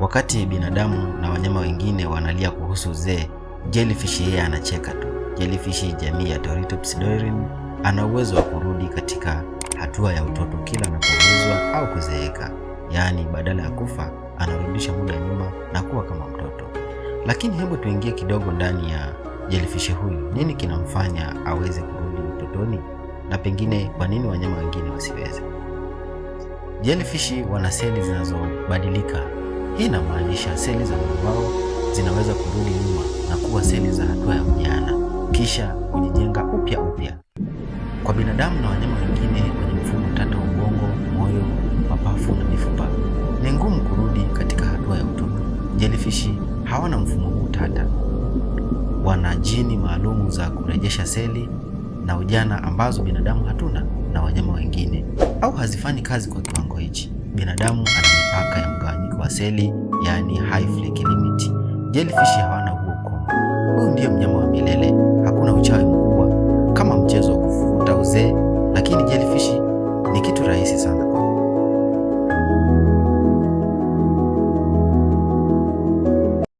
Wakati binadamu na wanyama wengine wanalia kuhusu uzee, jellyfish yeye anacheka tu. Jellyfish jamii ya Turritopsidorum ana uwezo wa kurudi katika hatua ya utoto kila anapoulizwa au kuzeeka, yaani badala ya kufa anarudisha muda nyuma na kuwa kama mtoto. Lakini hebu tuingie kidogo ndani ya jellyfish huyu. Nini kinamfanya aweze kurudi utotoni na pengine kwa nini wanyama wengine wasiweze? Jellyfish wana seli zinazobadilika hii inamaanisha seli za wao zinaweza kurudi nyuma na kuwa seli za hatua ya ujana kisha kujijenga upya upya. Kwa binadamu na wanyama wengine kwenye mfumo tata wa ubongo, moyo, mapafu na mifupa, ni ngumu kurudi katika hatua ya utoto. Jelifishi hawana mfumo huu tata. Wana jini maalumu za kurejesha seli na ujana ambazo binadamu hatuna na wanyama wengine, au hazifanyi kazi kwa kiwango hichi. Binadamu ana mipaka ya seli, yaani high flick limit. Jellyfish hawana huo ukomo. Huyu ndiye mnyama wa milele, hakuna uchawi mkubwa kama mchezo wa kufuta uzee, lakini jellyfish ni kitu rahisi sana.